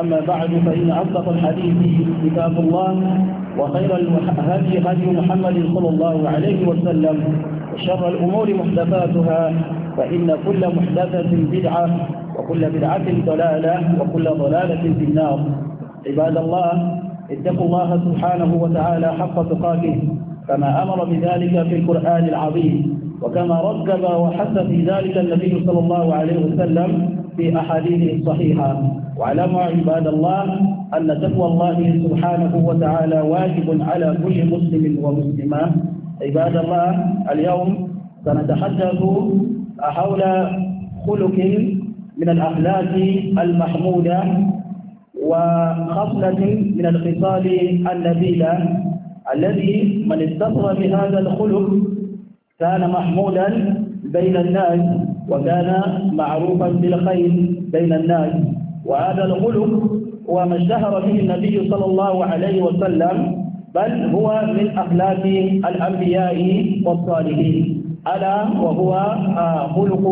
أما بعد فإن أصدق الحديث كتاب الله وخير الهدي هدي محمد صلى الله عليه وسلم وشر الأمور محدثاتها فإن كل محدثة بدعة وكل بدعة ضلالة وكل ضلالة في النار عباد الله اتقوا الله سبحانه وتعالى حق تقاته كما أمر بذلك في القرآن العظيم وكما رتب وحث في ذلك النبي صلى الله عليه وسلم في أحاديثه الصحيحة واعلموا عباد الله أن تقوى الله سبحانه وتعالى واجب على كل مسلم ومسلمة عباد الله اليوم سنتحدث حول خلق من الأخلاق المحمودة وخصلة من الخصال النبيلة الذي من اتصل بهذا الخلق كان محمودا بين الناس وكان معروفا بالخير بين الناس وهذا الغلو هو ما اشتهر به النبي صلى الله عليه وسلم بل هو من أخلاق الأنبياء والصالحين ألا وهو آه، خلق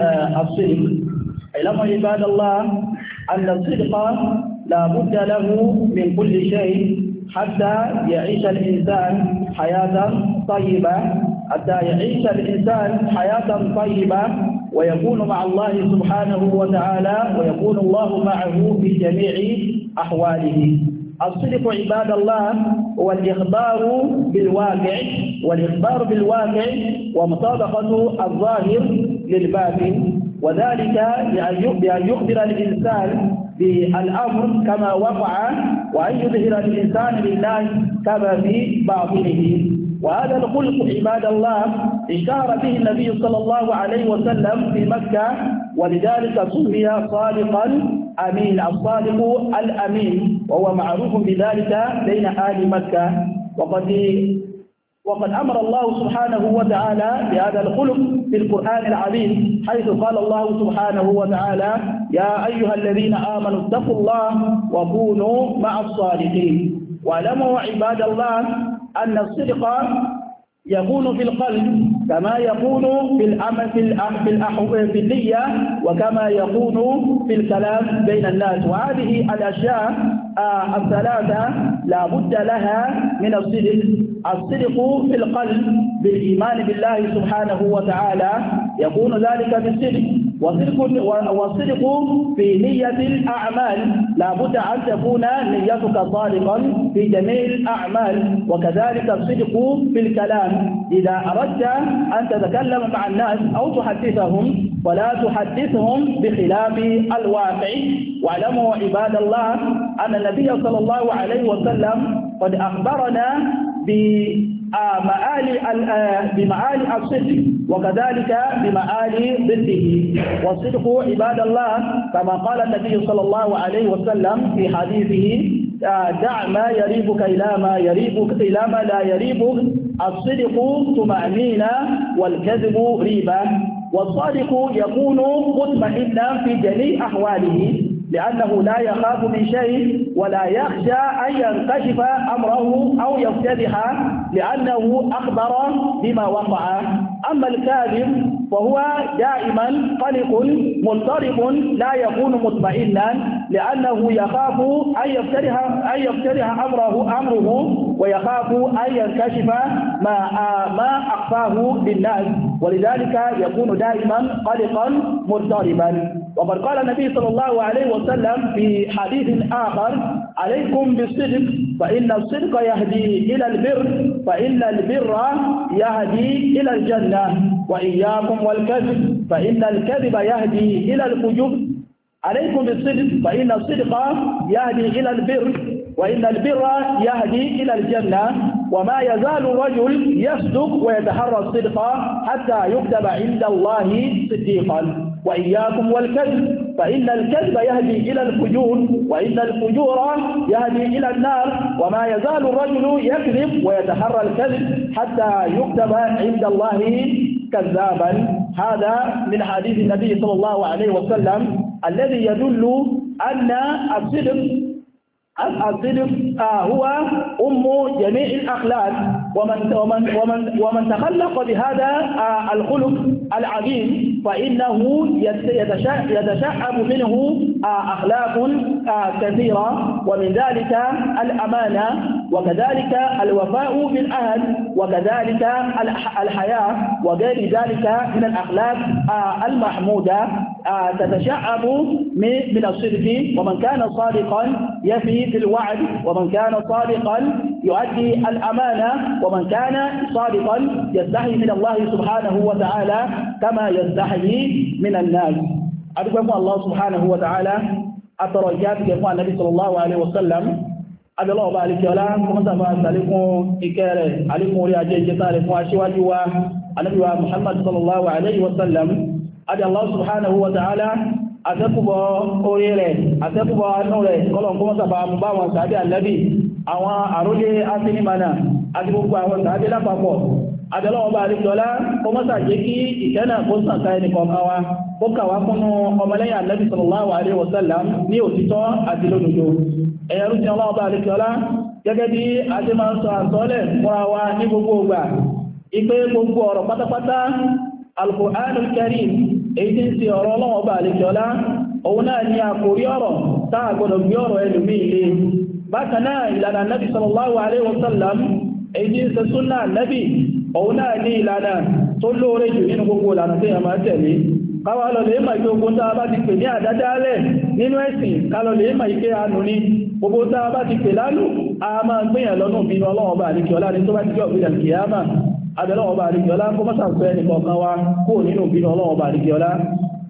آه، الصدق علم عباد الله أن الصدق لا بد له من كل شيء حتى يعيش الإنسان حياة طيبة حتى يعيش الإنسان حياة طيبة ويكون مع الله سبحانه وتعالى ويكون الله معه في جميع أحواله الصدق عباد الله هو الإخبار بالواقع والإخبار بالواقع ومطابقة الظاهر للباطن وذلك بأن يخبر الإنسان بالأمر كما وقع وأن يظهر الإنسان لله كما في باطنه وهذا الخلق عباد الله اشتهر به النبي صلى الله عليه وسلم في مكة ولذلك سمي صادقا أمين الصادق الأمين وهو معروف بذلك بين أهل مكة وقد وقد أمر الله سبحانه وتعالى بهذا الخلق في القرآن العظيم حيث قال الله سبحانه وتعالى يا أيها الذين آمنوا اتقوا الله وكونوا مع الصالحين واعلموا عباد الله أن الصدق يكون في القلب كما يكون في الأمل في في النية وكما يكون في الكلام بين الناس وهذه الأشياء آه، الثلاثة لا بد لها من الصدق الصدق في القلب بالإيمان بالله سبحانه وتعالى يكون ذلك بالصدق وصدق في نية الأعمال لا بد أن تكون نيتك صادقا في جميع الأعمال وكذلك الصدق في الكلام إذا أردت أن تتكلم مع الناس أو تحدثهم ولا تحدثهم بخلاف الواقع واعلموا عباد الله أن النبي صلى الله عليه وسلم قد أخبرنا ب آه، معالي آه، بمعالي الصدق وكذلك بمعالي ضده والصدق عباد الله كما قال النبي صلى الله عليه وسلم في حديثه آه، دع ما يريبك إلى ما يريبك إلى ما لا يريبك الصدق طمأنينة والكذب ريبة والصادق يكون مطمئنا في جميع أحواله لأنه لا يخاف من شيء ولا يخشى أن ينكشف أمره أو يفتدح لأنه أخبر بما وقع أما الكاذب فهو دائما قلق مضطرب لا يكون مطمئنا لأنه يخاف أن يفترح أن يفترح أمره أمره ويخاف أن ينكشف ما ما أخفاه للناس ولذلك يكون دائما قلقا مضطربا وقد قال النبي صلى الله عليه وسلم في حديث آخر عليكم بالصدق فإن الصدق يهدي إلى البر فإن البر يهدي إلى الجنة وإياكم والكذب فإن الكذب يهدي إلى الفجور عليكم بالصدق فإن الصدق يهدي إلى البر وإن البر يهدي إلى الجنة وما يزال الرجل يصدق ويتحرى الصدق حتى يكتب عند الله صديقا وإياكم والكذب فإن الكذب يهدي إلى الفجور وإن الفجور يهدي إلى النار وما يزال الرجل يكذب ويتحرى الكذب حتى يكتب عند الله كذابا هذا من حديث النبي صلى الله عليه وسلم الذي يدل أن الصدق الصدق آه، هو أم جميع الأخلاق ومن ومن ومن ومن تخلق بهذا آه، الخلق العظيم فإنه يتشعب منه آه، أخلاق آه، كثيرة ومن ذلك الأمانة وكذلك الوفاء بالأهل وكذلك الحياة وغير ذلك من الأخلاق آه، المحمودة تتشعب من الصدق ومن كان صادقا يفي بالوعد ومن كان صادقا يؤدي الأمانة ومن كان صادقا يستحي من الله سبحانه وتعالى كما يستحي من الناس أدوكم الله سبحانه وتعالى أترجات كفاء النبي صلى الله عليه وسلم abẹ́lọ́ ọba alikẹ́ọ́lá kọmọ́sàmà sàlékún ikẹ́ rẹ̀ alékún orí ajé ìjẹta rẹ̀ fún aṣíwájú wa anábíwa muhammad sallallahu alaihi wasallam adé allah subhanahu wa ta'ala atẹ́kùbọ̀ orí rẹ̀ atẹ́kùbọ̀ anú rẹ̀ kọlọ̀ kọmọ́sàmà mú bá wọn sàbí annabi àwọn àrólé asínimànà àti gbogbo àwọn tàbí lápapọ̀ àbẹ̀lọ́wọ́ba àríkọlá kọmọ́sà jẹ́ kí ìtẹ́nà kó sàkà ẹnìkọ̀ọ̀kan wa ó kàwá fúnnú ọmọlẹ́yìn ànábì sallallahu alaihi wasallam ní òtítọ́ àti lódodo ẹ̀yẹrú ti ọlọ́ọ̀bá àríkọlá gẹ́gẹ́ bí a ti máa ń sọ àtọ́lẹ̀ fúnra wa ní gbogbo ògbà ipé gbogbo ọ̀rọ̀ pátápátá Al-Qur'anul Karim èyí tí ń ṣe ọ̀rọ̀ ọlọ́ọ̀bá àríkọlá òun náà ni àkórí ọ̀rọ̀ táà gbọdọ̀ gbé ọ̀rọ̀ ẹlòmí ilé bákan náà ìlànà nabi sallallahu alaihi wasallam èyí ṣe súnà nabi òun náà ní ìlànà tó lóore jù nínú gbogbo ìlànà tí a máa tẹ̀lé káwà lọ lè máa gbogbo tàà bá ti pè ní àdádálẹ̀ nínú ẹ̀sìn wá kó nínú bínú ọlọ́wọ́ bá àríkì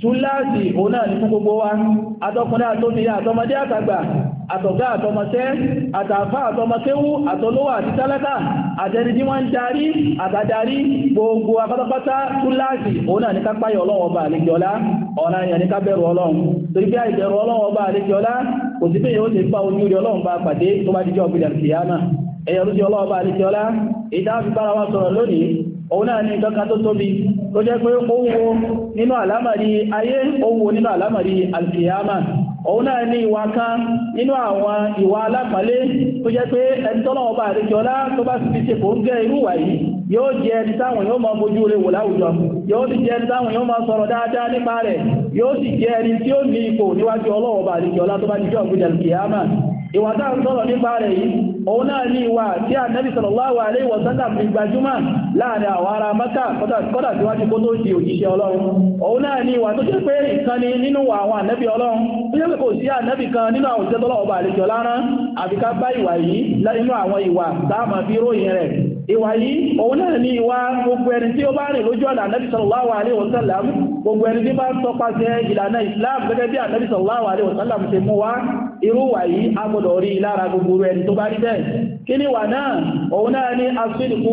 túláàsì òun náà ní fún gbogbo wa àtọkùnrin àtòbìnrin àtọmọdé àtàgbà àtọ̀gá àtọmọṣẹ́ àtàfà àtọmọkéwú àtọlówà àti tálákà àtẹni tí wọ́n ń darí àtàdarí gbogbo apátápátá túláàsì òun náà ní kápáyọ̀ ọlọ́run ọba àlejòọlá ọ̀nà ìyàn ní kábẹ̀rù ọlọ́run torí bí àìbẹ̀rù ọlọ́run ọba àlejòọlá kò sí bẹ́ẹ̀ yóò ṣe bá ojú rí wa sọ̀rọ̀ òun náà ni ìtọ́ka tó tóbi tó jẹ́ pé owó nínú àlámàrí ayé owó nínú àlámàrí alkiyama òun náà ni ìwà kan nínú àwọn ìwà alápàálé tó jẹ́ pé ẹni ọba àríkíọlá tó bá fi ṣe kò ń gẹ́ irú wà yóò jẹ ẹni táwọn yóò máa bójú rẹ̀ wò láwùjọ yóò sì ẹni táwọn yóò máa dáadáa nípa yóò sì ẹni tí ó ní ipò níwájú àríkíọlá òun náà ní ìwà tí ànábì sallallahu alaihi wa sallam fi gbajúmọ̀ láàrin àwọn ará mẹ́ta kọ́dà tí wájú kó tó di òjíṣẹ́ ọlọ́run òun náà ní ìwà tó jẹ́ pé ìkan ni nínú àwọn ànábì ọlọ́run tó jẹ́ pé kò sí ànábì kan nínú àwọn òṣìṣẹ́ tọ́lọ́wọ́ bá àlejò lára àfikà bá ìwà yìí nínú àwọn ìwà táàmà ìwà yìí òun náà ni ìwà gbogbo ẹni tí ó bá rìn lójú ọ̀nà ànábì sallallahu alaihi wasallam gbogbo ẹni tí bá ń tọpasẹ̀ ìlànà islam gẹ́gẹ́ bí ànábì sallallahu alaihi wasallam ṣe mú wá irú wà yìí agbọ́dọ̀ rí lára gbogbo ẹni tó bá rí bẹ́ẹ̀ kí ni wà náà òun náà ni asílùkú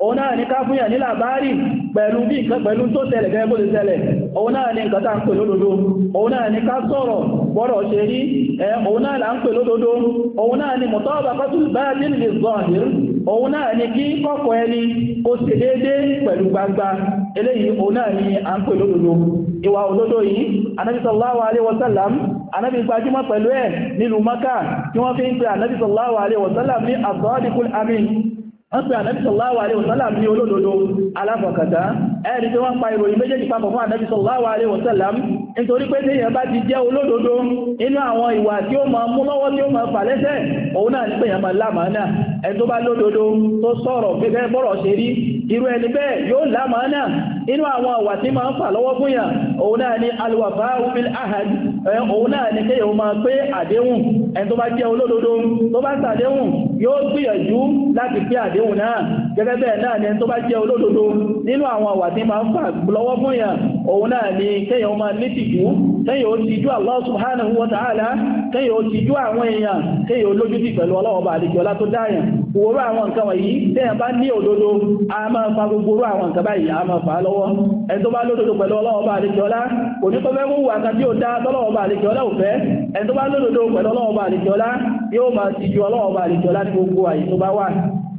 òun náà ní ká fúnyà ní làbárì pẹ̀lú bí nǹkan pẹ̀lú tó tẹ̀lẹ̀ gẹ́gẹ́ bó lè tẹ̀lẹ̀ òun náà ní nǹkan tá ń pè lódodo òun náà ní ká sọ̀rọ̀ bọ́rọ̀ ṣe rí òun náà là ń pè lódodo òun náà ní mọ̀tọ́ọ̀bà pẹ́tùl báyàtín lè zọ́ọ̀dìr òun náà ní kí kọ́kọ́ ẹni kó ṣe wọ́n pè ànábì sallallahu alaihi wasallam ní olódodo aláfọ̀kàtà ẹ̀rí tí wọ́n pa ìròyìn méjèèjì papọ̀ fún ànábì sallallahu alaihi wasallam nítorí pé tí èèyàn bá ti jẹ́ olódodo inú àwọn ìwà tí ó máa mú lọ́wọ́ tí ó máa fà lẹ́sẹ̀ òun náà ní pé èèyàn máa lámàánà ẹni tó bá lódodo tó sọ̀rọ̀ gẹ́gẹ́ bọ́rọ̀ ṣe rí irú ẹni bẹ́ẹ̀ yóò lámàánà inú àwọn ìwà tí máa ń fà lọ́wọ́ fún yàn òun náà ni alwafa'u bil ahad òun náà ni kéèyàn máa pé àdéhùn ẹni tó bá jẹ́ olódodo tó bá ṣàdéhùn yóò gbìyànjú láti pé àdéhùn náà gẹ́gẹ́ bẹ́ẹ̀ náà ni ẹni tó bá jẹ́ olódodo nínú àwọn ìwà tí máa ń fà lọ́wọ́ fún yà òun náà ni kéèyàn máa nítìjú kéèyàn ó ti jú Allah subhanahu wa ta'ala kéèyàn ó ti jú àwọn èèyàn kéèyàn ó lójú ti pẹ̀lú ọlọ́wọ́ bá àdìkì ọlá tó dáyàn òwúrọ̀ àwọn nǹkan wọ̀nyí tẹ́yàn bá ní òdodo a máa fa gbogbo orú àwọn nǹkan báyìí a máa fà á lọ́wọ́ ẹni tó bá lódodo pẹ̀lú ọlọ́wọ́ bá àdìkì ọlá kò ní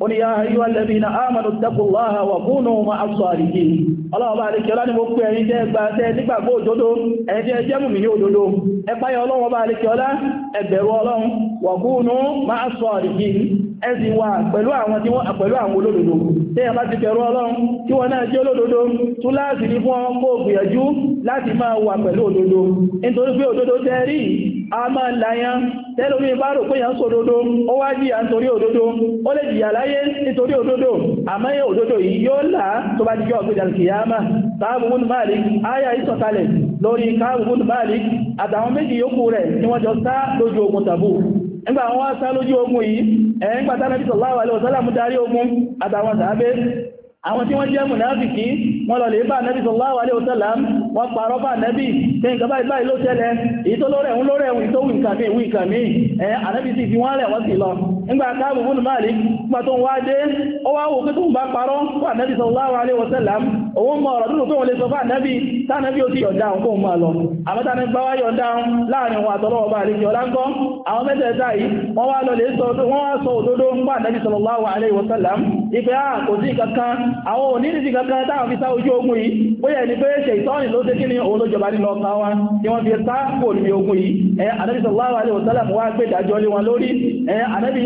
قل يا أيها الذين آمنوا اتقوا الله وكونوا مع الصالحين الله بارك لنا gbogbo ẹ̀yin jẹ́ ẹgbà tẹ́ nígbàgbọ́ òdodo ẹ̀yin jẹ́ jẹ́ mùmí òdodo ọba àlekíọlá ẹgbẹ̀rú ọlọ́run wọ̀kúnú máa sọ wà pẹ̀lú àwọn tí wọ́n pẹ̀lú àwọn olódodo tẹ́ ti ọlọ́run wà pẹ̀lú òdodo nítorí pé a máa láyán tẹ́lómi bá rò pé yàn sódódó ó wá jìyà nítorí òdodo ó lè jìyà láyé nítorí òdodo àmọ́ òdodo yìí yóò là tó bá jíjọ́ ọ̀gbẹ̀dà kìyàmá Káàbù bun Malik áyà ìsọ̀kalẹ̀ lórí Káàbù bun Malik àtàwọn méjì yòókù rẹ̀ ni wọ́n jọ sá lójú ogun tàbú nígbà àwọn asá lójú ogun yìí ẹ̀yìn pàtàkì sallallahu alaihi wasallam darí ogun àtàwọn sàábé àwọn tí wọ́n jẹ́ mùnáfìkì wọ́n lọ lè bá nẹ́bí sallallahu alaihi wasallam wọ́n parọ́ bá nẹ́bí tí nǹkan báyìí báyìí ló tẹ́lẹ̀ èyí tó lórẹ̀ ń lórẹ̀ ń tó wù nǹkan ẹ̀ nígbà káàbù fún Malik nígbà tó ń wá dé ó wá wò pé tó ń bá parọ́ fún ànábì sallallahu alaihi wasallam òun mọ ọ̀rọ̀ dúró pé wọ́n lè sọ fún ànábì tánàbí ó ti yọ̀dá òun kóun máa lọ àmọ́tánà gbá wá yọ̀dá láàrin òun àtọ́lọ́wọ́ bá àlejò ọláńkọ́ àwọn mẹ́tẹ̀ẹ̀ta yìí wọ́n alaihi wasallam ìpé à kò sí kankan àwọn onídìí kankan táwọn fi sá ojú ogun yìí bóyá ẹni pé ṣe ìtọ́ni ló ṣe kí ni òun ló wa tí wọ́n alaihi wasallam wá gbé ìdájọ́ lé wọn lórí ẹ̀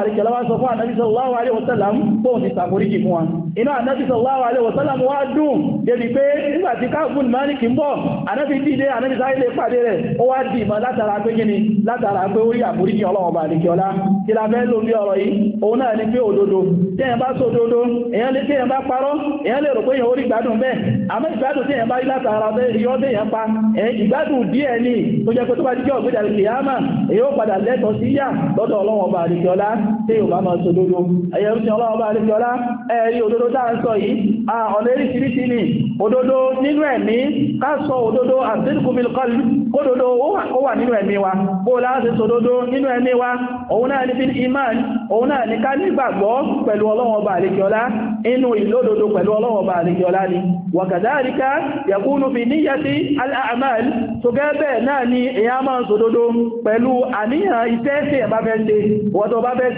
àríkẹ̀lá wá sọ fún ànábì sallallahu alaihi wasallam bóò ti sàforíkì fún wa iná ànábì sallallahu alaihi wasallam wá dùn débi pé nígbà tí káàkùn mẹ́rìnkì ń bọ̀ ànábì dìde ànábì sáré lè pàdé rẹ̀ ó wá dì mọ́ látara pé kíni látara pé ó rí àforíkì ọlọ́run bá àríkẹ̀ọ́lá kí la fẹ́ ló bí ọ̀rọ̀ yìí òun náà ni pé òdodo tí èèyàn bá sọ òdodo èèyàn lè téèyàn bá parọ́ tí yóò bá máa sọ lórí ẹ̀yẹ̀ rúṣẹ́ ọlọ́ọ̀bá àríṣọ́lá ẹ̀rí òdodo dáa sọ yìí ọ̀nà eréṣiríṣi ni òdodo nínú ẹ̀mí ká sọ òdodo àtìríkùnmílkọ́lù kódodo ó wà nínú ẹ̀mí wa bó láti sòdodo nínú ẹ̀mí wa òun náà ní fíl iman òun náà ní ká nígbàgbọ́ pẹ̀lú ni wàkàdáríká yẹkúnú fi níyàtí al'amal tó gẹ́bẹ̀ náà ni èyàn máa sòdodo pẹ̀lú àníyàn iṣẹ́ tí ẹ̀bá fẹ́ ṣe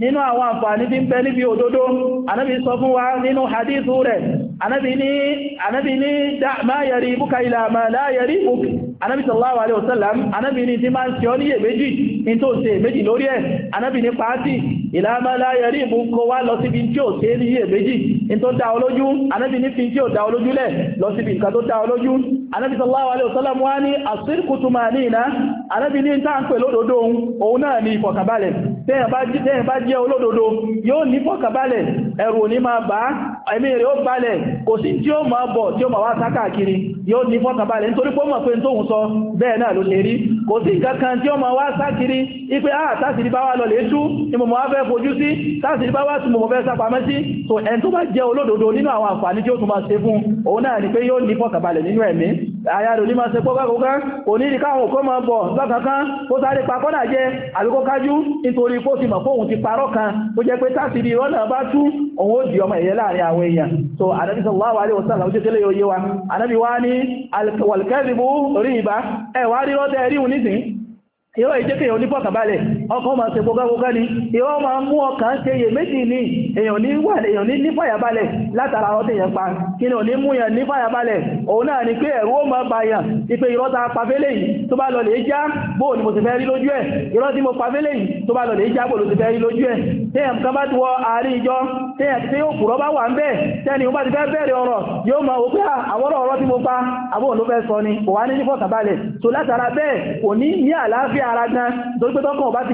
nínú àwọn àǹfààní tí ń bẹ níbi òdodo anábi sọ fún wa nínú hadithu rẹ̀ anábi ní ma yẹ̀rí ibúka ilẹ̀ àmà láyẹ̀rí ibúka anábi sallallahu alaihi wasallam anábi ní tí máa ń tí ọ ní èméjì ní tó ṣe èméjì lórí ẹ̀ anábi ní pàátì ilẹ̀ àmà láyẹ̀rí ibúka wá lọ síbi tí ó ṣe anábi sallallahu alaihi wasallam wá ní asirku tumanina anábi ní ta ń pè lódodo òun náà ní ìfọ̀kàbalẹ̀ tẹ́yàn bá jẹ́ olódodo yóò ní fọ̀kàbalẹ̀ ẹ̀rù ní máa bá ẹ̀mí rẹ̀ ó balẹ̀ kò sí tí ó máa bọ̀ tí ó máa wá sákàkiri yóò ní fọ̀kàbalẹ̀ nítorí pé ó mọ̀ pé tó ń sọ bẹ́ẹ̀ náà ló lè rí kò sí nǹkan kan tí ó máa wá sákiri ipé àà ah, tásìrí bá wá lọ lè tú ni mo máa fẹ́ fojú sí tásìrí bá wá tí mo fẹ́ sápamọ́ sí so ẹni tó bá jẹ́ olódodo nínú àwọn àǹfààní tí ó tún máa ṣe fún òun náà ni pé yóò ní fọ̀kàbalẹ̀ nínú ẹ̀mí àyàrò ní máa ṣe pọ́ bákọ̀ọ́kán kò ní ìdíkáwọn kọ́ máa bọ̀ lọ́kankan kó sáré pakọ́dà jẹ́ àbíkó kájú nítorí kó ti mọ̀ fóhun ti parọ́ kan tó jẹ́ pé bá tú òun ó di ọmọ láàrin àwọn èèyàn so anabi sallallahu yóò yé wa anabi ìbá ríhun nísìn yóò onífọ̀kànbalẹ̀ ọkàn máa ṣe gbogbogbò ní ìwọ́ máa mú ọkàn ṣe yè méjì ní èèyàn ní wà èèyàn ní nífàyàbalẹ̀ látara ọdẹ yẹn pa kí ni ò ní mú yẹn nífàyàbalẹ̀ òun náà ni pé ẹ̀rú ó máa bá yàn ipe irọ́ ta pàfẹ́lẹ̀ yìí tó bá lọ lè já bó ni mo ti fẹ́ rí lójú ẹ̀ irọ́ tí mo pàfẹ́lẹ̀ yìí tó bá lọ lè já bó ló ti fẹ́ rí lójú ẹ̀ téèyàn kan bá ti wọ àárín ìjọ téèyàn tí yóò kùrọ́ bá wà ń bẹ́ẹ̀ tẹ́ni wọ́n bá ti fẹ́ bẹ̀rẹ̀ ọ̀rọ̀ yóò máa wò pé ah, àwọn ọ̀rọ̀ ọ̀rọ̀ tí mo pa àbóhùn ló fẹ́ sọ ni kò wá ní nífọ̀kànbalẹ̀ so látara bẹ́ẹ̀ kò ní ní àlàáfíà ara gan torí pé tọ́kàn ọba ti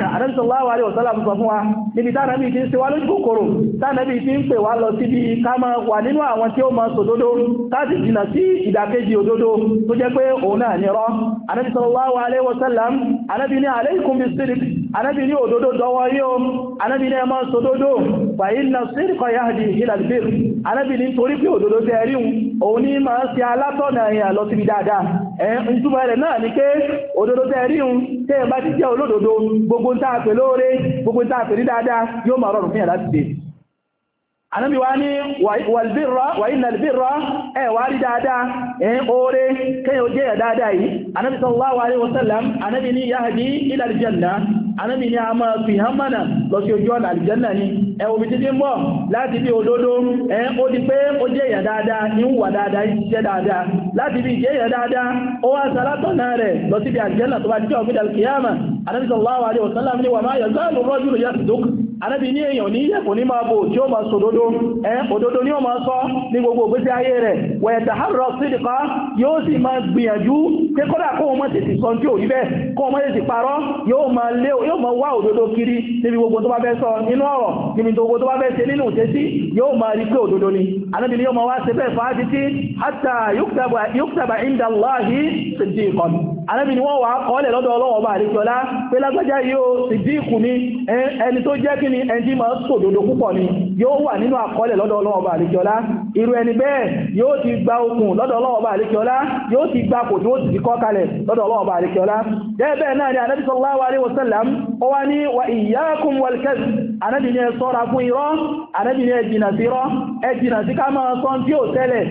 Ànábì sallallahu alaihi wasallam sọ fún wa níbi tánàbí ti ń ṣe wá lójú kòkòrò tánàbí ti ń pè wá lọ síbi ká máa wà nínú àwọn tí ó máa sòdodo láti jìnà sí ìdàkejì òdodo tó jẹ́ pé òun náà nírọ́ Ànábì sallallahu alaihi wasallam ní alaykum bis anábi ní òdodo dọwọ́ yóò anábi ní ẹmọ́ sódódó fàílnà sírkọ̀ yáàdì ìlàlbìr anábi ní torí pé òdodo tẹ́ríun òun ní ma ń ṣe alátọ́nà ẹ̀yà lọ síbi dáadáa ẹ̀yìn túnmọ̀ rẹ̀ náà ni pé òdodo tẹ́ríun tẹ́yẹ̀ bá ti jẹ́ olódodo gbogbo ń tàà lóore gbogbo ń tàà ní dáadáa yóò máa rọrùn fún yà láti dé anábi wá ní wàlbírra wà ní albírra ẹwà rí dáadáa ẹ̀yìn oore kẹyọ jẹ́ ẹ̀ dáadáa yìí anábi sallallahu alaihi wasallam anábi ní yahdi ila aljanna anábi ní a máa fi hàn mọ́nà lọ sí ojú ọ̀nà aljanna ni ẹwọ bí títí ń bọ̀ láti bí òdodo ẹ̀yìn ó di pé ó jẹ́ ẹ̀ dáadáa ní wà dáadáa jẹ́ dáadáa láti bí jẹ́ ẹ̀ dáadáa ó wá sàlátọ̀nà rẹ̀ lọ sí anábì ní èèyàn ní yẹ̀kùn ní máa bò tí ó máa sòdodo ẹ́ òdodo ní ó máa sọ ní gbogbo ògbésí ayé rẹ̀ wẹ̀ẹ̀dà harrọ̀ sídìkọ́ yóò sì máa gbìyànjú pé kọ́dà kó wọn tètè sọ tí ò rí bẹ́ẹ̀ kó wọn tètè parọ́ yóò máa lé yóò máa wá òdodo kiri níbi gbogbo tó bá fẹ́ sọ nínú hatta yuktaba inda Allahi siddiqan anábì ni wọ́n wà kọ́ọ̀lẹ̀ lọ́dọ̀ ọlọ́wọ́ bá àríkọlá pé lágbájá yóò sì dí ìkù ní ẹni tó jẹ́ kí ni ẹni tí máa sòdodo púpọ̀ ni yóò wà nínú àkọọ́lẹ̀ lọ́dọ̀ ọlọ́wọ́ bá àríkọlá irú ẹni bẹ́ẹ̀ yóò ti gba okùn lọ́dọ̀ ọlọ́wọ́ bá àríkọlá yóò ti gba kò tí ti kọ́ kalẹ̀ lọ́dọ̀ ọlọ́wọ́ bá àríkọlá bẹ́ẹ̀ náà ni anábì sallallahu alaihi wasallam ó wa iyyakum wal kadhib anábì ni ẹ sọ́ra fún irọ́ anábì ni ẹ jìnà sí irọ́ ẹ jìnà sí ká máa sọ tí ó tẹ́lẹ̀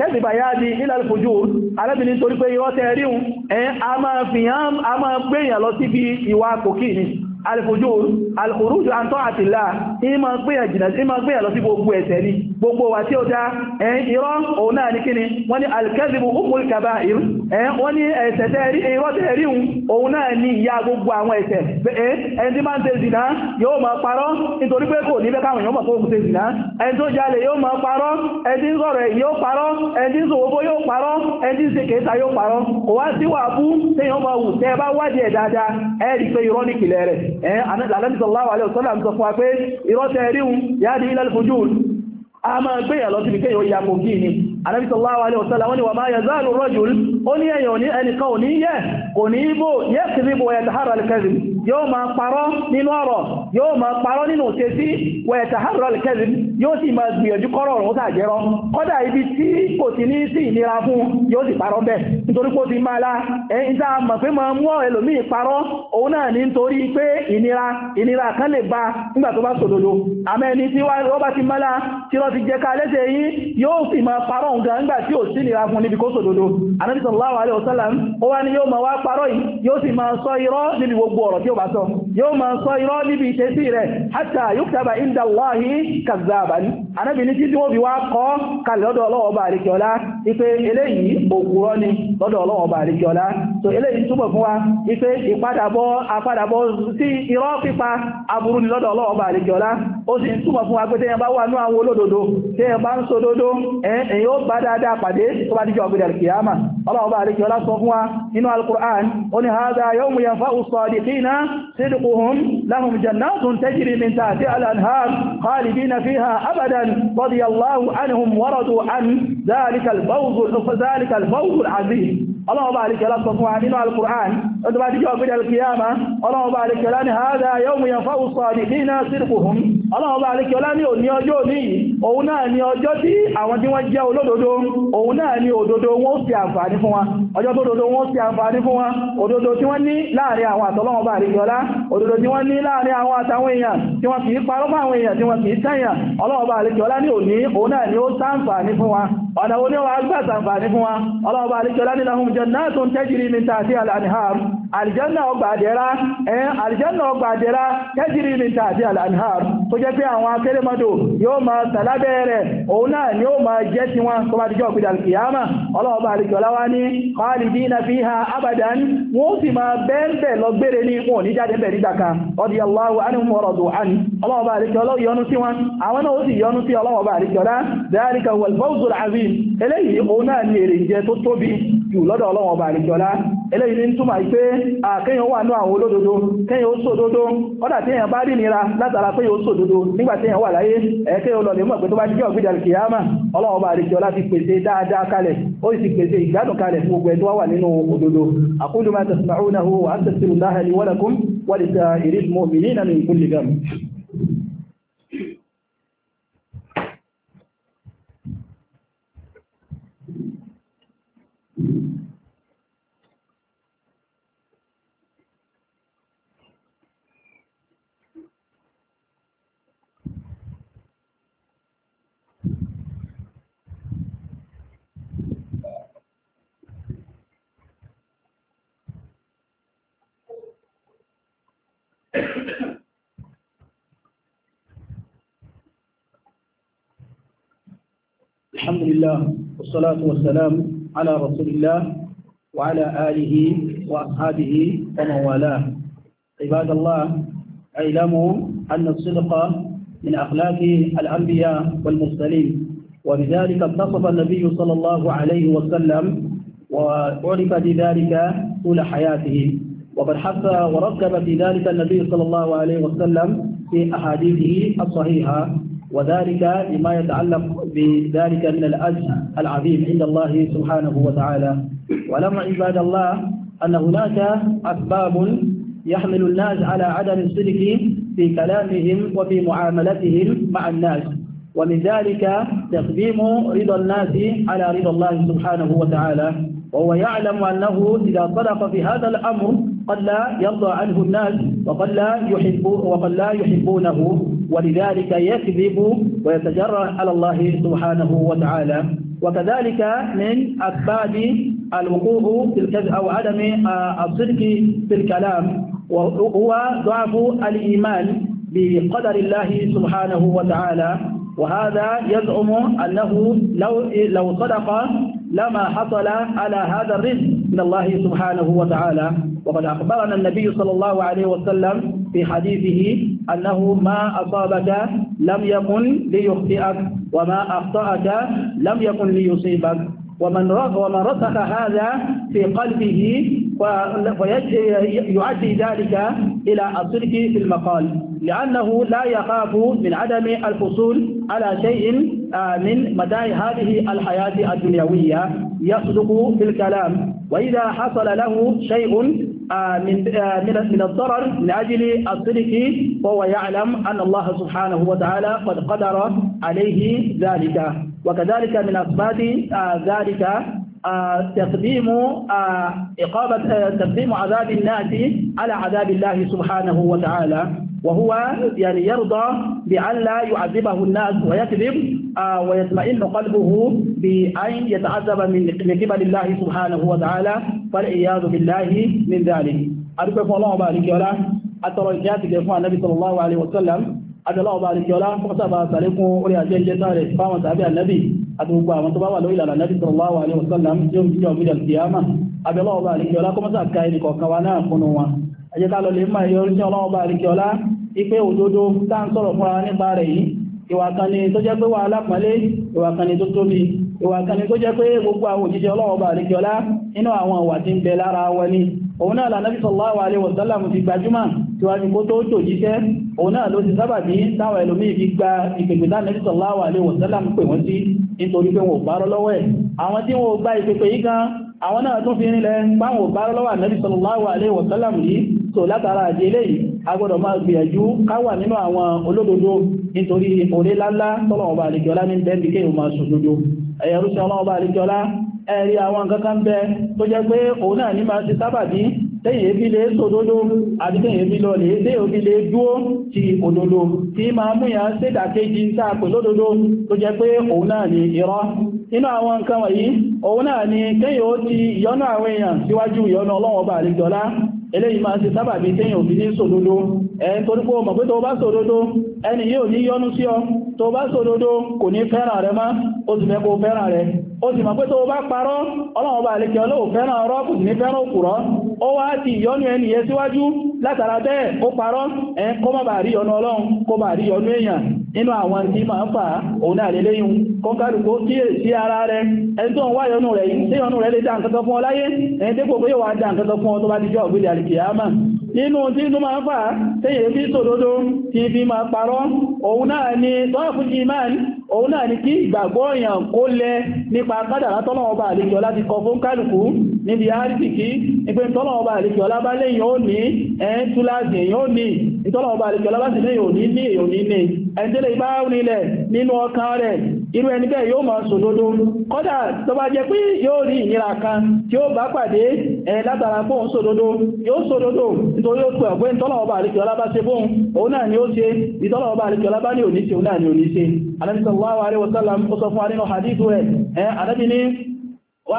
kẹ́sìbà yá di ilal fujur arábìnrin torí pé irọ́ tẹ́ ríun ẹ̀ a máa fi hàn a máa gbéyàn lọ síbi ìwà kòkí ni al fujur al khuruj an ta'atillah ìmọ̀ gbéyàn lọ sí gbogbo ẹ̀ṣẹ̀ ni gbogbo wa tí ó dá ẹ̀yìn irọ́ òun náà ní kíni wọ́n ní alkazibu umul kaba'ir ẹ̀yìn wọ́n ní ẹ̀ṣẹ̀ tẹ́ẹ̀rí irọ́ tẹ́ẹ̀rí òun náà ní ìyá gbogbo àwọn ẹ̀ṣẹ̀ ẹni tí máa ń ṣe zìnà yóò máa parọ́ nítorí pé kò ní bẹ́ káwọn èèyàn mọ̀ pé òun ṣe zìnà ẹni tó jalè yóò máa parọ́ ẹni tí ń sọ̀rọ̀ ẹ̀yìn yóò parọ́ ẹni tí ń sòwòbó yóò parọ́ ẹni tí ń ṣe tẹ́ ẹ a máa gbéyàn lọ síbi kéyàn ó ya ni Ànábì sallallahu alaihi wasallam wọ́n ní wa ma yazalu rajul ó ní ẹ̀yàn ní ẹnìkan ò ní yẹ́ kò ní ibò yẹ́ kìrìbò ẹ̀tàhàrà alkẹ́rì yóò máa parọ́ nínú ọ̀rọ̀ yóò máa parọ́ nínú òtẹ́sí ẹ̀tàhàrà alkẹ́rì yóò sì máa gbìyànjú kọ́rọ̀ ọ̀rọ̀ tàjẹ́rọ kọ́dà ibi tí kò ti ní sí ìnira fún yóò sì parọ́ bẹ́ẹ̀ nítorí kó ti máa la ẹ̀yìn tá a mọ̀ pé máa mú ẹlòmíì parọ́ òun náà ní nítorí pé ìnira ìnira kan lè ba nígbà tó bá sòdodo àmẹ́ni tí wọ́n bá ti mọ́lá tí wọ́n ti jẹ́ ká lẹ́sẹ̀ yìí yóò sì máa parọ́ ọlọ́run gan nígbà tí ò sí nira fún níbi kó sòdodo Ànábì sallallahu alaihi wasallam ó wá ní yóò máa wá parọ́ yìí yóò sì máa sọ irọ́ níbi gbogbo ọ̀rọ̀ tí ó bá sọ yóò máa sọ irọ́ níbi ìṣesí rẹ̀ hatta yuktaba inda Allahi kazzaban Ànábì ní títí wọ́n fi wá kọ́ kalẹ̀ lọ́dọ̀ ọlọ́wọ́ so eléyìí túbọ̀ fún wa ipe ìpadàbọ̀ apadàbọ̀ sí irọ́ pípa aburú ni lọ́dọ̀ ọlọ́wọ́ bá àríkẹ́ọlá ó sì túbọ̀ fún wa pé tẹ́yẹn bá wà ní àwọn olódodo bá dáadáa pàdé tó bá díjọ ọgbẹ̀dẹ̀ kìyàmà ọlọ́ọ̀bá àríkì ọlá sọ fún wa nínú alkùrán ó ní hadha yawmu yanfa'u sadiqina sidquhum lahum jannatun tajri min tahtiha al-anhar khalidina fiha abadan radiyallahu anhum wa radu an dhalika al-fawz dhalika al-fawz al-azim ọlọ́ọ̀bá àríkì ọlá sọ fún wa nínú alkùrán tó bá díjọ ọgbẹ̀dẹ̀ kìyàmà ọlọ́ọ̀bá àríkì ọlá ní hadha yawmu yanfa'u sadiqina sidquhum ọlọ́ọ̀bá alékiọlá ní òní ọjọ́ òní òun náà ni ọjọ́ tí àwọn tí wọ́n jẹ́ olódodo òun náà ni òdodo wọn ó ṣe àǹfààní fún wa ọjọ́ tó dodo wọn ó ṣe àǹfààní fún wa òdodo tí wọ́n ní láàrin àwọn àtọlọ́ọ̀bá alékiọlá òdodo tí wọ́n ní láàrin àwọn àtàwọn èèyàn tí wọ́n kì í parọ́ fún ni ó ṣàǹfààní fún wa ọ̀nà wo ni wọ́n á gbà ṣàǹfààní fún wa ọlọ́ọ̀bá alékiọlá ní lahum jannatun tajri min tahtiha al-anhar àlìjẹ́nà ọgbà àdẹ́rá àlìjẹ́nà ọgbà jẹ́ pé àwọn akérèmọ́dò yóò máa sàlábẹ́ rẹ̀ òun náà ni ó máa jẹ́ ti wọn tó bá dijọ́ òpìdà kìyàmà ọlọ́ọ̀bá àlejò ọláwá ní khalidina fiha abadan wọ́n sì máa bẹ́ẹ̀ lọ gbére ní wọn ní jáde bẹ̀rẹ̀ nígbà kan ọdí aláwọ̀ anúmọ̀rọ̀dù àní ọlọ́ọ̀bá àlejò ọlọ́wọ̀ yọ́nú sí wọn àwọn náà ó sì yọ́nú sí ọlọ́ọ̀bá àlejò eléyìí ní túmọ̀ ìpé àkẹ́yàn wà ní àwọn olódodo kẹ́yàn ó sódodo ọ́dà tí èyàn bá rí nira látara pé ó sódodo nígbà tí èyàn wà láyé ẹ̀ẹ́kẹ́ ó lọlẹ̀ mọ̀ pé tó bá jẹ́ ọ̀gbìdà kìyàmà ọlọ́run bá rí jọ láti pèsè dáadáa kalẹ̀ ó sì pèsè ìgbádùn kalẹ̀ fún gbogbo ẹ̀ tó wà nínú òdodo aqulu ma tasma'unahu wa astaghfirullaha li wa lakum wa lisa'iril mu'minina min kulli dhanb الحمد لله والصلاة والسلام على رسول الله وعلى آله وأصحابه ومن والاه عباد الله اعلموا أن الصدق من أخلاق الأنبياء والمرسلين وبذلك اتصف النبي صلى الله عليه وسلم وعرف بذلك طول حياته وقد حث ورغب في ذلك النبي صلى الله عليه وسلم في أحاديثه الصحيحة وذلك لما يتعلق بذلك من الأجر العظيم عند الله سبحانه وتعالى ولما عباد الله أن هناك أسباب يحمل الناس على عدم الصدق في كلامهم وفي معاملتهم مع الناس ومن ذلك تقديم رضا الناس على رضا الله سبحانه وتعالى وهو يعلم أنه إذا صدق في هذا الأمر قد لا يرضى عنه الناس وقد لا, يحبون وقد لا يحبونه ولذلك يكذب ويتجرأ على الله سبحانه وتعالى وكذلك من أسباب الوقوع في الكذب أو عدم آه، الصدق في الكلام وهو ضعف الإيمان بقدر الله سبحانه وتعالى وهذا يزعم أنه لو, لو صدق لما حصل على هذا الرزق من الله سبحانه وتعالى وقد أخبرنا النبي صلى الله عليه وسلم في حديثه أنه ما أصابك لم يكن ليخطئك وما أخطأك لم يكن ليصيبك ومن رسخ هذا في قلبه ويؤدي ذلك إلى الصدق في المقال لأنه لا يخاف من عدم الحصول على شيء آه، من متاع هذه الحياة الدنيوية يصدق في الكلام وإذا حصل له شيء آه، من آه، من الضرر من أجل الصدق فهو يعلم أن الله سبحانه وتعالى قد قدر عليه ذلك وكذلك من أسباب ذلك تقديم آه، إقامة تقديم عذاب الناس على عذاب الله سبحانه وتعالى وهو يعني يرضى بأن لا يعذبه الناس ويكذب آه، ويطمئن قلبه بأن يتعذب من قبل الله سبحانه وتعالى فالعياذ بالله من ذلك أرجوكم الله بارك ولا أترى النبي صلى الله عليه وسلم adọ́lá ọba àríkíọlá pọ́sàbà sàlékún orí àjẹ́ ìjẹta rẹ̀ fáwọn tàbí ànábì àti gbogbo àwọn tó bá wà lórí ìlànà ànábì sallallahu alaihi wasallam tí ó ń jíjọ mílíọ̀ kìyàmà adọ́lá máa ipe òdodo tá ń sọ̀rọ̀ fúnra nípa rẹ̀ yìí ìwà kan ni tó jẹ́ pé wà lápọ̀lé ìwà kan ni tó tóbi ìwà kan òun náà lànàbí sallallahu alaihi wasallam ti gbajúmọ̀ tí wájú kó tó tò jíṣẹ́ òun náà ló ti sábà bí táwọn ẹlòmíì fi gba ìpèpè lánàbí sallallahu alaihi wasallam pè wọ́n sí nítorí pé wọn ò bá lọ́wọ́ ẹ̀ àwọn tí wọn ò gba ìpèpè yìí gan àwọn náà tún fi rinlẹ̀ páwọn ò bá lọ́wọ́ ànàbí sallallahu alaihi wasallam yìí tó látara àjẹ́ eléyìí ẹ̀rí àwọn kankan bẹ tó jẹ́ pé òun náà ní máa ti sábàbí tẹ́yìn ebi lè sòdodo àti tẹ́yìn ebi lọ lè dé obi lè dúó ti òdodo tí máa mú yàn sédàkejì sáà pè lódodo tó jẹ́ pé òun náà ní ti ìyọ́nú àwọn èèyàn síwájú ìyọ́nú ọlọ́wọ́ bá àlejọ́lá eléyìí máa ṣe sábàbí tẹ́yìn òbí ní sòdodo ẹ̀yìn o mọ̀ ẹni ní yọ́nú ó sì mọ̀ pé tó bá parọ́ ọlọ́run bá lẹ́kẹ́ ọlọ́wọ̀ fẹ́ràn ọ̀rọ̀ kù ní fẹ́ràn òkúrọ́ ó wá ti ìyọ́nú ẹni yẹ síwájú látara bẹ́ẹ̀ ó parọ́ ẹ kó má bàá rí ọ̀nà ọlọ́run kó bàá rí ọ̀nà èèyàn nínú àwọn tí máa ń fà òun náà lè léyìn kọkàlùkó kí è sí ara rẹ̀ ẹni tó ń wá yọnú rẹ̀ tí yọnú rẹ̀ lè dá nǹkan tó fún ọ láyé ẹni tí kò pé wà dá nǹkan fún ọ tó bá ti jọ ọ̀gbẹ̀lẹ̀ àlìkìyàmà nínú tí inú máa ń fà tẹ́yẹ̀ fi sòdodo ti fi máa parọ́ òun náà ni tọ́ọ̀fù ìmáà òun náà ni kí ìgbàgbọ́ èèyàn kó lẹ nípa kádàrá tọ́lọ́wọ́ bá àlejò ọlá ti kọ fún kálùkù níbi àríkìkí nígbé tọ́lọ́wọ́ bá àlejò ọlá bá lẹ́yìn ó ní ẹ̀ẹ́n túláàsì èèyàn ó ní ìtọ́lọ́wọ́ bá àlejò ọlá bá sì irú ẹni bẹ́ẹ̀ yóò máa sòdodo kódà tó bá jẹ́ pé yóò rí ìnira kan tí ó bá pàdé ẹ̀ látara fóun sòdodo yóò sòdodo nítorí ó pẹ̀ ọ̀gbẹ́ ìtọ́lọ̀ọba àríkì ọlábá ṣe fóun òun náà ni ó ṣe ní òní ṣe òun náà ni òní ṣe wa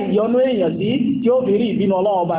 ìyọnú èèyàn sí tí ó fi rí ìbínú ọlọ́run ọba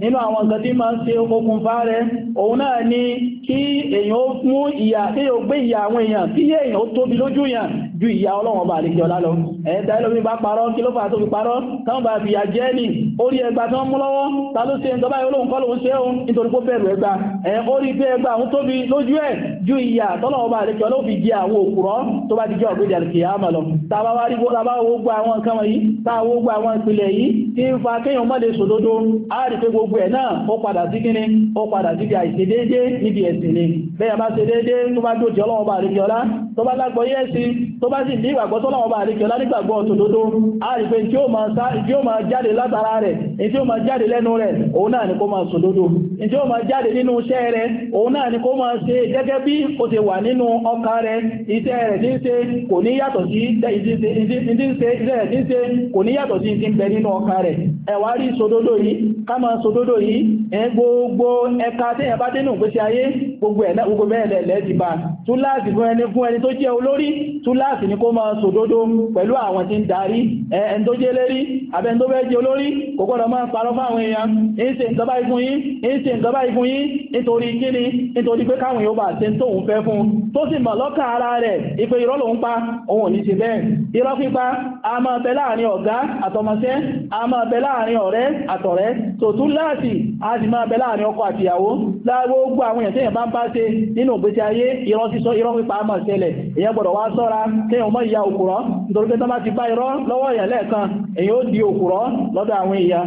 nínú àwọn ǹkan tí máa ń ṣe okùnfà rẹ̀ òun náà ni kí èyàn ó mú ìyà tí yóò gbé ìyà àwọn èèyàn kí èyàn ó tóbi lójú yàn ju ìyà ọlọ́wọ̀n bá lè jẹ́ ọlá lọ ẹ̀ẹ́dá ẹlòmí bá parọ́ kí ló fà tó fi parọ́ táwọn bá fi àjẹ́ ní orí ẹgbà tán mú lọ́wọ́ ta ló ṣe ìjọba olóhùn kọ́ lóhun ṣe òun nítorí pé bẹ̀rù ẹgbà ẹ̀ orí pé ẹgbà òun tóbi lójú ẹ̀ ju ìyà tọ́lọ́wọ́ bá lè jẹ́ fi jẹ àwọn òkúrọ́ tó bá ti jẹ́ ọ̀gbẹ́dẹ̀ àti ìyá mọ̀ lọ tàbá wá rí bá gbogbo àwọn nǹkan wọ̀nyí táwọn gbogbo àwọn ìpìlẹ̀ yìí tí ń fa kéèyàn mọ́ lè sòdodo á rí pé gbogbo gbogbo ẹ̀ náà ó padà sí kíní ó padà sí bí àìṣe déédé níbi ẹ̀sìn ni bẹ́ẹ̀ bá ṣe déédé tó bá ọlọ́wọ́ bá àríkẹ́ ọlá tó bá lágbọ́ tó bá sì ní ìgbàgbọ́ tọ́lọ́wọ́ bá àríkẹ́ ọlá nígbàgbọ́ a tí ó máa jáde látara rẹ̀ tí ó máa jáde lẹ́nu rẹ̀ òun náà ni kó máa sòdodo òdodo yìí ẹ gbogbo ẹ̀ka tẹ́yàn bá dénú ìgbésí ayé gbogbo ẹ̀lẹ́ gbogbo bẹ́ẹ̀lẹ̀ lẹ́ẹ̀dì bá túláàsì fún ẹni fún ẹni tó jẹ́ olórí túláàsì ní kó máa sòdodo pẹ̀lú àwọn tí ń darí ẹni tó jẹ́ lérí abẹ́ni tó bẹ́ẹ̀ jẹ́ olórí kò gbọ́dọ̀ máa parọ́ fáwọn èèyàn ń ṣe nǹkan báyìí fún yín ń ṣe nǹkan báyìí fún yín nítorí kíni nítorí pé káwọn yóò bá ṣe ń tóun fẹ́ fún tó sì mọ̀ lọ́kàn ara láàrin ọ̀gá àtọmọṣẹ́ a láàrin ọ̀rẹ́ àtọ̀rẹ́ tòtún láti èèyàn bá bá ṣe nínú ìgbésí ayé irọ́ sísọ irọ́ pípa àmọ́ ìṣẹ̀lẹ̀ èyàn gbọ́dọ̀ wá sọ́ra kí èyàn mọ́ ìyá òkúrọ́ nítorí pé tán bá ti bá irọ́ lọ́wọ́ èyàn lẹ́ẹ̀kan èyàn ó di òkúrọ́ lọ́dọ̀ àwọn èèyàn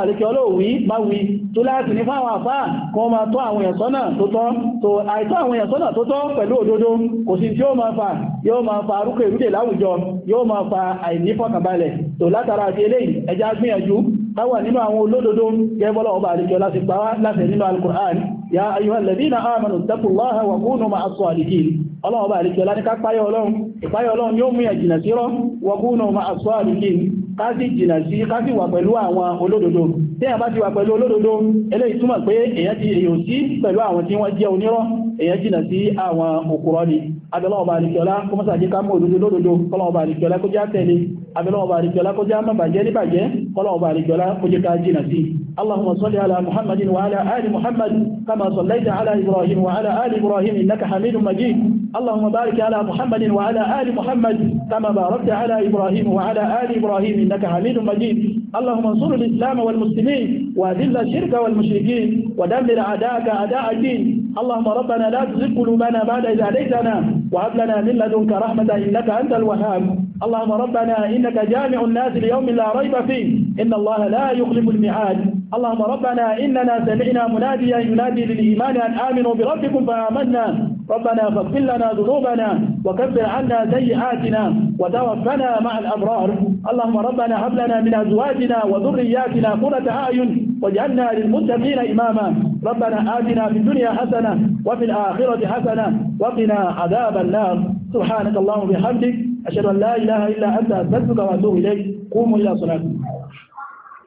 àríkẹ́ ọlọ́wí bá wí tó láti ní fáwọn àfá kan máa tọ́ àwọn èèyàn sọ́nà tó tọ́ tó àìtọ́ àwọn èèyàn sọ́nà tó tọ́ pẹ̀lú òdodo kò sí tí ó máa fa yóò máa fa arúkọ ìrúdè láwùjọ yóò máa fa àìnífọ̀kànbalẹ̀ tó látara àti eléyìí ẹjá gbìyànjú káwà nínú àwọn olódodo gẹ́gbọ́lọ̀ ọba àríkẹ́ láti pàwá láti nínú alukur'an ya ayyuhal ladina amanu taqullaha wa kunu ma'as salihin ọlọ́wọ́ bá àríkẹ́ láti ká páyọ̀ ọlọ́run ìpáyọ̀ ọlọ́run yóò mú wa kunu ma'as salihin kásì jìnà sí kásì wà pẹ̀lú àwọn olódodo tí a bá ti wà pẹ̀lú olódodo eléyìí túmọ̀ pé èyàn ti èyàn sí pẹ̀lú àwọn tí wọ́n jẹ́ onírọ́ èyàn jìnà sí àwọn òkúrọ́ ni abẹ́lọ́ọ̀bà àríkẹ́ọlá kó mọ́sà jẹ́ ká mọ́ òdodo lódodo kọ́lọ́ọ̀bà àríkẹ́ọlá kó já tẹ̀lé abẹ́lọ́ọ̀bà àríkẹ́ọlá kó já má bàjẹ́ ní bàjẹ́ kọ́lọ́ọ̀bà àríkẹ́ọlá kó jẹ́ ká jìnà sí اللهم صل على محمد وعلى آل محمد كما صليت على إبراهيم وعلى آل إبراهيم إنك حميد مجيد اللهم بارك على محمد وعلى آل محمد كما باركت على إبراهيم وعلى آل إبراهيم إنك حميد مجيد اللهم انصر الإسلام والمسلمين وأذل الشرك والمشركين ودمر أعداءك أعداء الدين اللهم ربنا لا تزغ قلوبنا بعد إذ هديتنا وهب لنا من لدنك رحمة إنك أنت الوهاب اللهم ربنا إنك جامع الناس ليوم لا ريب فيه إن الله لا يخلف الميعاد اللهم ربنا إننا سمعنا مناديا ينادي للإيمان أن آمنوا بربكم فآمنا ربنا فاغفر لنا ذنوبنا وكفر عنا سيئاتنا وتوفنا مع الأبرار اللهم ربنا هب لنا من أزواجنا وذرياتنا قرة أعين واجعلنا للمتقين إماما ربنا آتنا في الدنيا حسنة وفي الآخرة حسنة وقنا عذاب النار سبحانك اللهم وبحمدك أشهد أن لا إله إلا أنت أستغفرك وأتوب إليك قوموا إلى صلاتكم